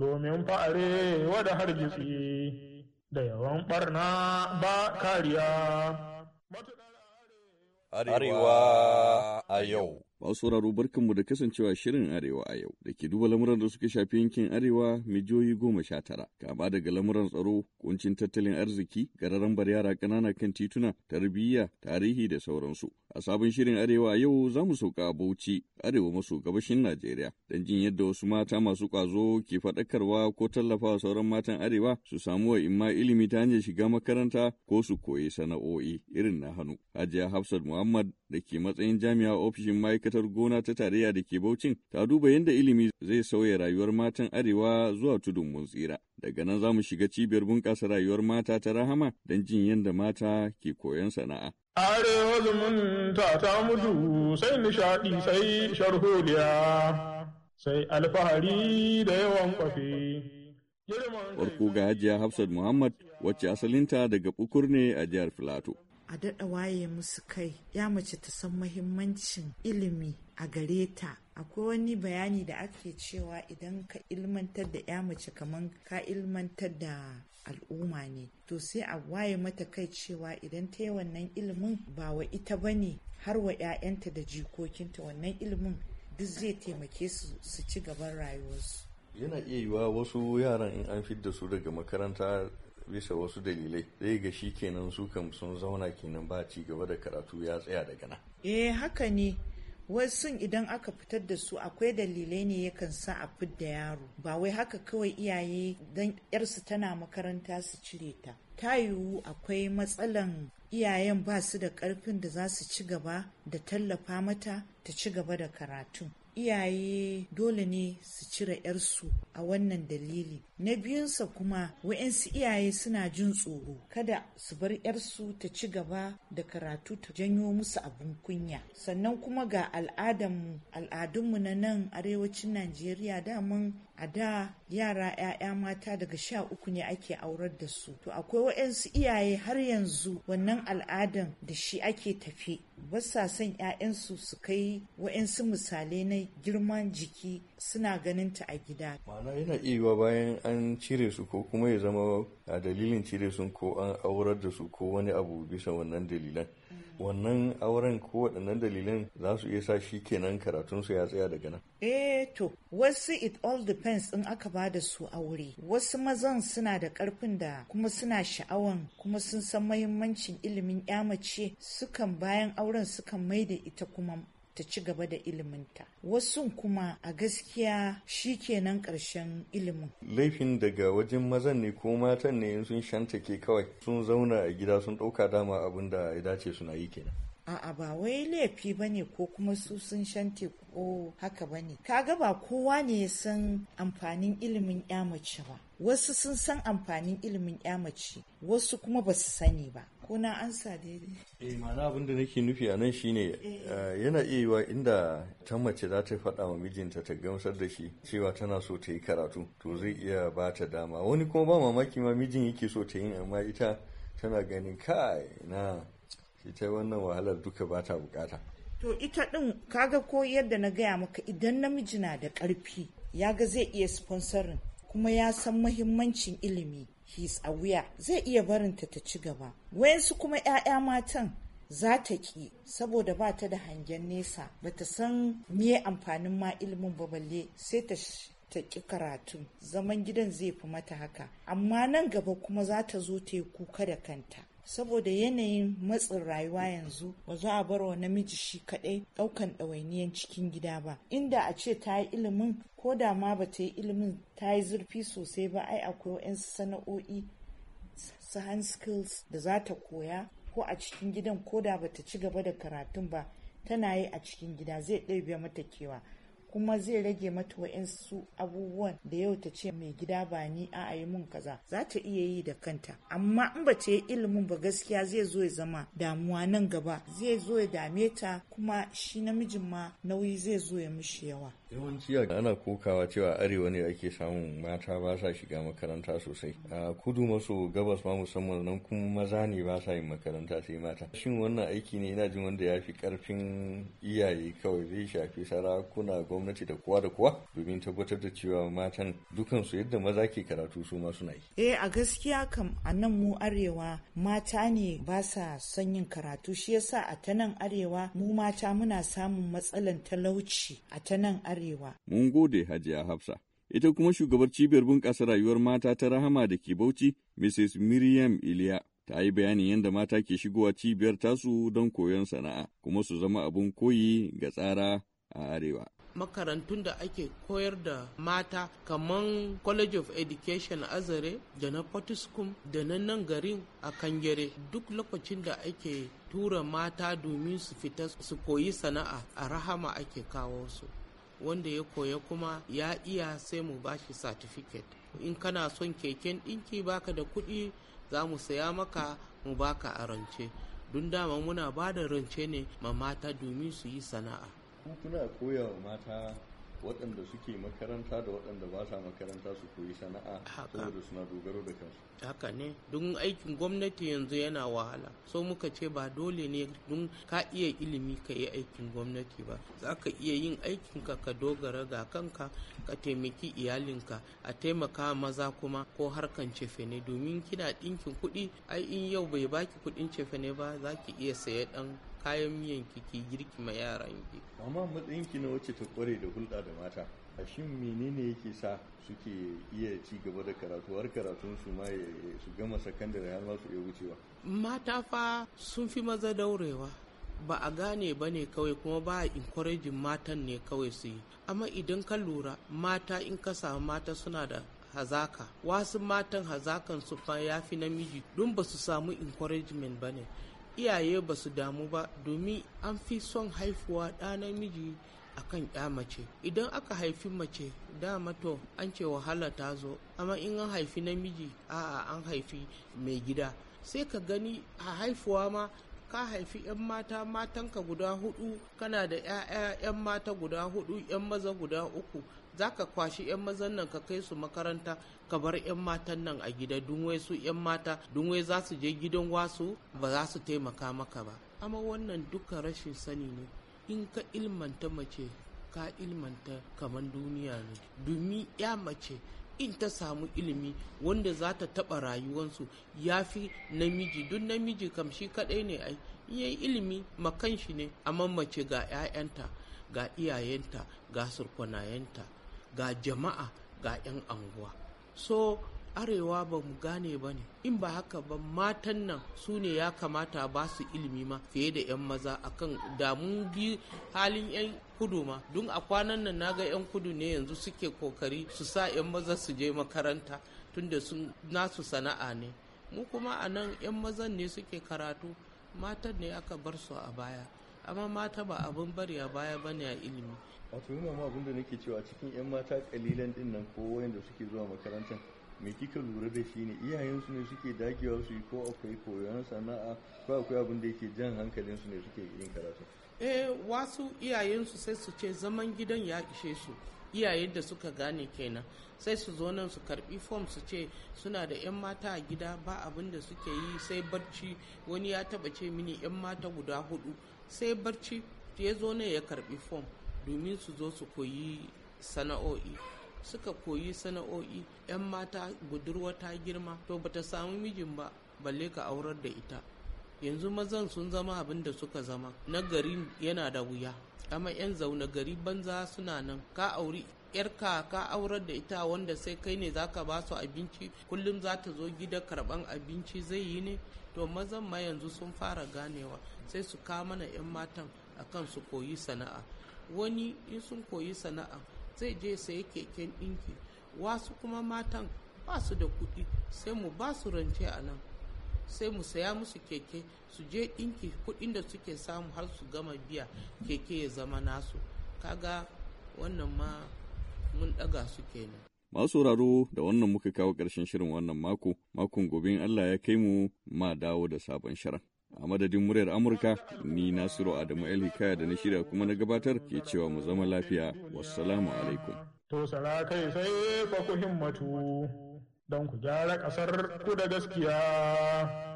domin fa'are wada hargitsi da yawan ɓarna ba kariya. Arewa a yau Masu sauraro barkanmu da kasancewa shirin Arewa a yau da ke duba lamuran da suka shafi yankin Arewa mijoyi goma sha tara, kama daga lamuran tsaro, kuncin tattalin arziki, gararan bar yara ƙanana kan tituna, tarbiyya, tarihi da sauransu. A sabon shirin Arewa yau za mu sauka Bauchi, Arewa maso gabashin Najeriya, don jin yadda wasu mata masu ƙwazo ke faɗakarwa ko tallafawa sauran matan Arewa su samu wa imma ilimi ta hanyar shiga makaranta ko su koyi sana'o'i irin na hannu. Hajiya Hafsat Muhammad da ke matsayin jami'a ofishin ma'aikatar gona ta tarayya da ke Bauchin ta duba yadda ilimi zai sauya rayuwar matan Arewa zuwa tudun mun tsira. Daga nan za mu shiga cibiyar bunƙasa rayuwar mata ta rahama don jin yadda mata ke koyon sana'a. Are zumunta ta mutu sai nishaɗi sai sharholiya sai alfahari da yawan kwafi. Farko ga Hajiya Hafsat Muhammad wacce asalinta daga Bukur ne a jihar Filato. A daɗa waye musu kai, ya mace ta san mahimmancin ilimi a gare ta akwai wani bayani da ake cewa idan ka ilmantar da ya mace kaman ka ilmantar da al'umma ne to sai a waye mata kai cewa idan ta yi wannan ilimin ba wa ita ba ne har wa 'ya'yanta da jikokinta wannan ilimin duk zai taimake su su ci gaban rayuwarsu yana iya yiwa wasu yaran in an fidda su daga makaranta bisa wasu dalilai zai ga shi kenan su kam sun zauna kenan ba ci gaba da karatu ya tsaya daga nan eh haka ne Wasu idan aka fitar da su akwai dalilai ne yakan sa a fidda yaro ba wai haka kawai iyaye dan yarsu tana makaranta su cire ta ta yiwu akwai matsalan iyayen ba su da karfin da za su ci gaba da tallafa mata ta ci gaba da karatu iyaye dole ne su cire 'yarsu a wannan dalili na biyunsa kuma wa'yansu iyaye suna jin tsoro kada su bar 'yarsu ta ci gaba da karatu ta janyo musu abin kunya sannan kuma ga al'adunmu al'adunmu na nan arewacin najeriya daman a da yara 'ya'ya mata daga sha uku ne ake aurar da su to akwai waɗansu iyaye har yanzu wannan al'adan da shi ake tafi ba sa son 'ya'yansu su kai waɗansu misalai na girman jiki suna ganin ta a gida ma'ana yana iya bayan an cire su ko kuma ya zama a dalilin cire su ko an aurar da su ko wani abu bisa wannan dalilan wannan auren ko waɗannan dalilan za su iya sa shi kenan karatunsu ya tsaya daga nan? Eh to, wasu it all depends in aka ba da su aure. Wasu mazan suna da ƙarfin da kuma suna sha'awan kuma sun san mahimmancin ilimin ya mace sukan bayan auren sukan mai da ita kuma ta ci gaba da iliminta wasu kuma a gaskiya shi kenan ƙarshen ilimin laifin daga wajen mazan ne ko matan ne sun ke kawai sun zauna a gida sun ɗauka dama abin da ya dace suna yi kenan a'a ba wai laifi ba ne ko kuma su sun shanta ko haka ba ne. kaga ba kowa ne ya san amfanin ilimin ya mace ba wasu sun san amfanin ilimin ya wasu kuma ba su sani ba ko na ansa daidai eh ma'ana abin da nake nufi a nan shine eh, eh. Eh, yana iya yiwa inda ta mace za ta faɗa wa mijinta ta gamsar da shi cewa tana so ta yi karatu to zai iya ba ta dama wani kuma ba mamaki ma mijin yake so ta yi amma ita tana ganin kai na ita wannan wahalar duka ba ta bukata to ita din kaga ko yadda na gaya maka idan namiji na da karfi ya ga zai iya sponsorin kuma ya san muhimmancin ilimi he's aware zai iya barinta ta ci gaba wayansu kuma 'ya'ya matan za ta ki saboda ba ta da hangen nesa ba ta san miye amfanin ma ilimin ba balle sai ta ta ki karatu zaman gidan zai fi mata haka amma nan gaba kuma za ta zo ta yi kuka da kanta saboda yanayin matsin rayuwa yanzu ba za a bar wa namiji shi kadai daukan ɗawainiyan cikin gida ba inda a ce ta yi ilimin ko da ma ba ta yi ilimin ta yi zurfi sosai ba ai akwai 'yan sana'o'i su hand skills da za ta koya ko a cikin gidan ko da ba ta ci gaba da karatun ba tana yi a cikin gida zai ɗaya mata kewa kuma zai rage mata wa'insu abubuwan da yau ta ce mai gida ba ni a yi mun kaza za ta iya yi da kanta amma in ba ta yi ilimin ba gaskiya zai zo ya zama damuwa nan gaba zai zo ya dame ta kuma shi namijin ma nauyi zai zo ya mishi yawa yawanci ana kokawa cewa arewa ne ake samun mata ba sa shiga makaranta sosai a kudu maso gabas ma musamman nan kuma maza ne ba sa yin makaranta sai mata shin wannan aiki ne ina jin wanda ya fi karfin iyaye kawai zai shafi sarakuna gwamnati gwamnati da kowa da kowa domin tabbatar da cewa matan dukansu yadda maza ke karatu su ma suna yi. Eh a gaskiya kam a nan mu arewa mata ne ba sa son yin karatu shi yasa a ta nan arewa mu mata muna samun matsalan talauci a ta nan arewa. Mun gode Hajiya Hafsa. Ita kuma shugabar cibiyar bunƙasa rayuwar mata ta rahama da ke Bauchi, Mrs. Miriam Iliya. ta yi bayanin yadda mata ke shigowa cibiyar tasu don koyon sana'a kuma su zama abin koyi ga tsara a arewa. makarantun da ake koyar da mata kamar college of education azare da na potiskum da na nan garin a kangere duk lokacin da ake tura mata domin su fita su koyi sana'a a rahama ake kawo su wanda ya koya kuma ya iya sai mu bashi satifiket. in kana son keken ɗinki baka da kuɗi za mu saya maka mu baka a rance don dama muna ba da rance ne ma mata domin su yi sana'a kuna koya wa mata waɗanda suke makaranta da waɗanda ba sa makaranta su koyi sana'a saboda suna dogaro da kansu haka ne don aikin gwamnati yanzu yana wahala so muka ce ba dole ne don ka iya ilimi ka yi aikin gwamnati ba za ka iya yin aikinka ka dogara ga kanka ka taimaki iyalinka a taimaka maza kuma ko harkan cefene domin kina ɗinkin kuɗi ai in yau bai baki kuɗin cefene ba za ki iya saye ɗan kayan miyan ki girki ma yaran ki amma matsayin ki na wacce ta kware da hulɗa da mata a shin menene yake sa suke iya ci gaba da karatu har karatun su ma su gama sakandare har ma su iya wucewa mata fa sun fi maza daurewa ba a gane ba ne kawai kuma ba a encouraging matan ne kawai su yi amma idan ka lura mata in ka samu mata suna da hazaka wasu matan hazakan su fa ya fi namiji don ba su samu encouragement ba ne iyaye ba su damu ba domin an fi son haifuwa ɗa namiji a kan ya mace idan aka haifi mace dama to an ce wahala ta zo amma in an haifi namiji a'a an haifi mai gida sai ka gani a haifuwa ma ka haifi 'yan mata matanka guda hudu kana da 'ya'ya 'yan mata guda hudu 'yan maza guda uku za ka kwashi 'yan mazan nan ka kai su makaranta ka bar 'yan matan nan a gida dunwai su 'yan mata dunwai za su je gidan wasu ba za su taimaka maka ba amma wannan duka rashin sani ne in ka ilmanta mace ka ilmanta kamar duniya ne domin ya mace in ta samu ilimi wanda za ta taɓa rayuwansu ya fi namiji duk namiji kam shi kaɗai ne ai yi ilimi makan shi ne amma mace ga 'ya'yanta ga iyayenta ga surkwanayenta ga jama'a ga 'yan anguwa so arewa ba mu gane ba ne in ba haka ba matan nan su ne ya kamata ba su ilimi ma fiye da 'yan maza a akan damun bi halin 'yan kudu ma don a kwanan nan naga 'yan kudu ne yanzu suke kokari su sa 'yan maza su je makaranta tunda sun nasu sana'a ne mu kuma a nan 'yan mazan ne suke karatu matan ne aka bar su a baya amma mata ba abin bari a baya bane a ilimi wato yi abin da nake cewa cikin 'yan mata kalilan din nan ko da suke zuwa makarantar mai kika lura da shi ne iyayensu ne suke dagewa su yi ko akwai koyon sana'a ko akwai abin da yake jan hankalinsu ne suke yin karatu eh wasu iyayensu sai su ce zaman gidan ya ishe su iyayen da suka gane kenan sai su zo nan su karbi fom su ce suna da 'yan mata a gida ba abin da suke yi sai barci wani ya taba ce mini 'yan mata guda hudu sai barci ya zo ne ya karbi fom domin su zo su koyi sana'o'i suka koyi sana'o'i 'yan mata budurwa ta girma to bata samu mijin ba balle ka aurar da ita yanzu mazan sun zama abin da suka zama na gari yana da wuya amma 'yan zaune gari banza suna nan ka auri yarka ka aurar da ita wanda sai kai ne zaka ba su abinci kullum za ta zo gida karban abinci zai yi ne to mazan ma yanzu sun fara ganewa sai su ka mana 'yan matan akan su koyi sana'a wani in sun koyi sana'a zai je saya keken ɗinki wasu kuma matan ba su da kuɗi sai mu ba su rance a nan sai mu saya musu keke su je ɗinki kuɗin da suke samu har su gama biya keke ya zama nasu kaga wannan ma mun ɗaga su kenan Masu sauraro da wannan muka kawo ƙarshen shirin wannan mako, makon gobe in Allah ya kai mu ma dawo da sabon shirin. a madadin muryar amurka ni nasiru adamu el hikaya da na shirya kuma na gabatar ke cewa mu zama lafiya wassalamu alaikum to kai sai fa ku himmatu don ku gyara ƙasar ku da gaskiya